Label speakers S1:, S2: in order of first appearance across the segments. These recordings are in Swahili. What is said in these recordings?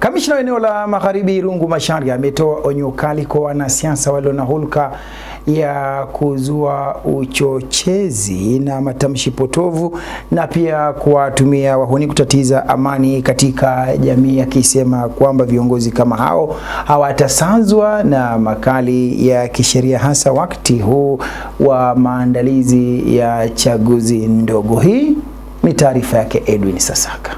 S1: Kamishna wa eneo la Magharibi Irungu Macharia ametoa onyo kali kwa wanasiasa walio na hulka ya kuzua uchochezi na matamshi potovu na pia kuwatumia wahuni kutatiza amani katika jamii, akisema kwamba viongozi kama hao hawatasazwa na makali ya kisheria, hasa wakati huu wa maandalizi ya chaguzi ndogo. Hii ni taarifa yake Edwin Sasaka.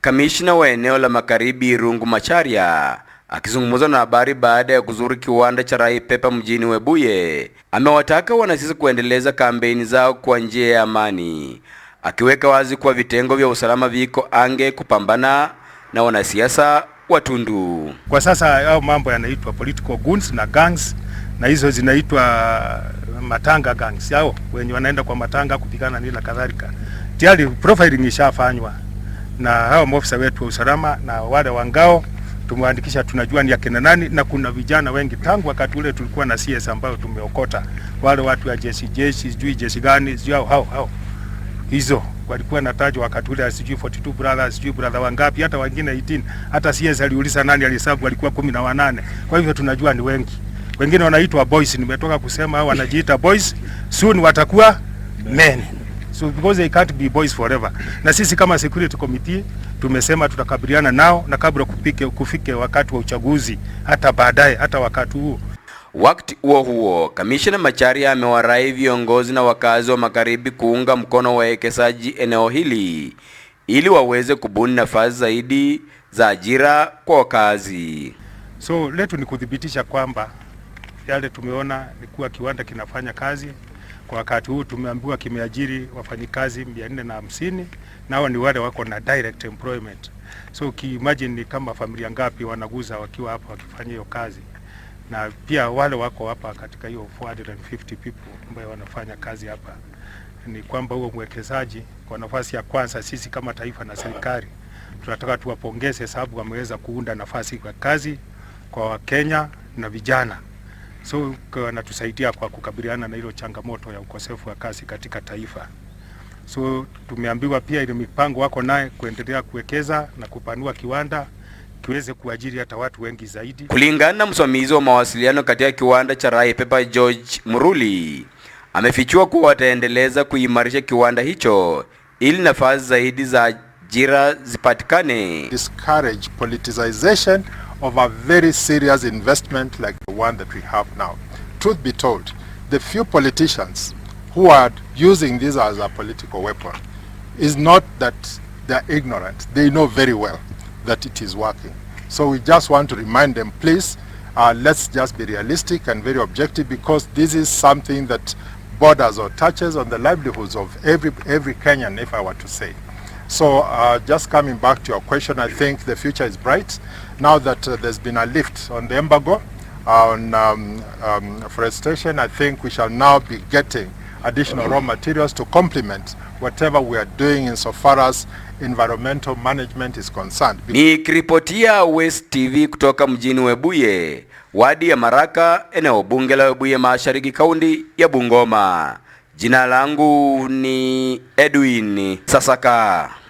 S1: Kamishna wa eneo la Magharibi Irungu Macharia akizungumza na habari baada ya kuzuru kiwanda cha Rai Pepa mjini Webuye amewataka wanasiasa kuendeleza kampeni zao kwa njia ya amani, akiweka wazi kuwa vitengo vya usalama viko ange kupambana na wanasiasa watundu
S2: Kwa sasa hayo mambo yanaitwa political goons na gangs na hizo zinaitwa matanga gangs yao wenye wanaenda kwa matanga kupigana nila kadhalika. Tayari profiling ishafanywa na hao maofisa wetu wa usalama na wale wa ngao tumewaandikisha, tunajua ni akina nani, na kuna vijana wengi tangu wakati ule tulikuwa na CS ambao tumeokota wale watu wa jeshi jeshi, sijui jeshi gani, sijui hao hao hizo walikuwa natajwa wakati ule, sijui 42 brothers, sijui brother wangapi, hata wengine 18 hata CS aliuliza nani alihesabu, walikuwa kumi na wanane. Kwa hivyo tunajua ni wengi wengine wanaitwa boys, nimetoka kusema au wanajiita boys, soon watakuwa men. So because they can't be boys forever. Na sisi kama security committee tumesema tutakabiliana nao na kabla kupike, kufike wakati wa uchaguzi hata baadaye hata wakati huo.
S1: Wakati huo huo, Kamishna Macharia amewarai viongozi na wakazi wa Magharibi kuunga mkono wawekezaji eneo hili ili waweze kubuni nafasi zaidi za ajira kwa wakazi.
S2: So letu ni kudhibitisha kwamba yale tumeona ni kuwa kiwanda kinafanya kazi kwa wakati huu. Tumeambiwa kimeajiri wafanyikazi mia nne na hamsini na hao ni wale wako na direct employment. So ukiimagine ni kama familia ngapi wanaguza wakiwa hapa wakifanya hiyo kazi, na pia wale wako hapa katika hiyo 450 people ambayo wanafanya kazi hapa, ni kwamba huo mwekezaji, kwa nafasi ya kwanza, sisi kama taifa na serikali tunataka tuwapongeze, sababu wameweza kuunda nafasi kwa kazi kwa Wakenya na vijana. So anatusaidia kwa kukabiliana na hilo changamoto ya ukosefu wa kazi katika taifa. So tumeambiwa pia ile mipango wako naye kuendelea kuwekeza na kupanua kiwanda kiweze kuajiri hata watu wengi zaidi.
S1: Kulingana na msimamizi wa mawasiliano katika kiwanda cha Rai Paper George Muruli, amefichua kuwa wataendeleza kuimarisha kiwanda hicho ili nafasi zaidi za ajira zipatikane.
S3: Discourage politicization of a very serious investment like the one that we have now. Truth be told, the few politicians who are using this as a political weapon is not that they're ignorant. They know very well that it is working. So we just want to remind them, please, uh, let's just be realistic and very objective because this is something that borders or touches on the livelihoods of every, every Kenyan, if I were to say. So uh, just coming back to your question, I think the future is bright now that uh, there's been a lift on the embargo on um, um, forestation. I think we shall now be getting additional raw materials to complement whatever we are doing insofar as environmental management is concerned.
S1: Nikiripotia West TV kutoka mjini Webuye, wadi ya Maraka, eneo bunge la Webuye Mashariki, kaunti ya Bungoma. Jina langu ni Edwin Sasaka.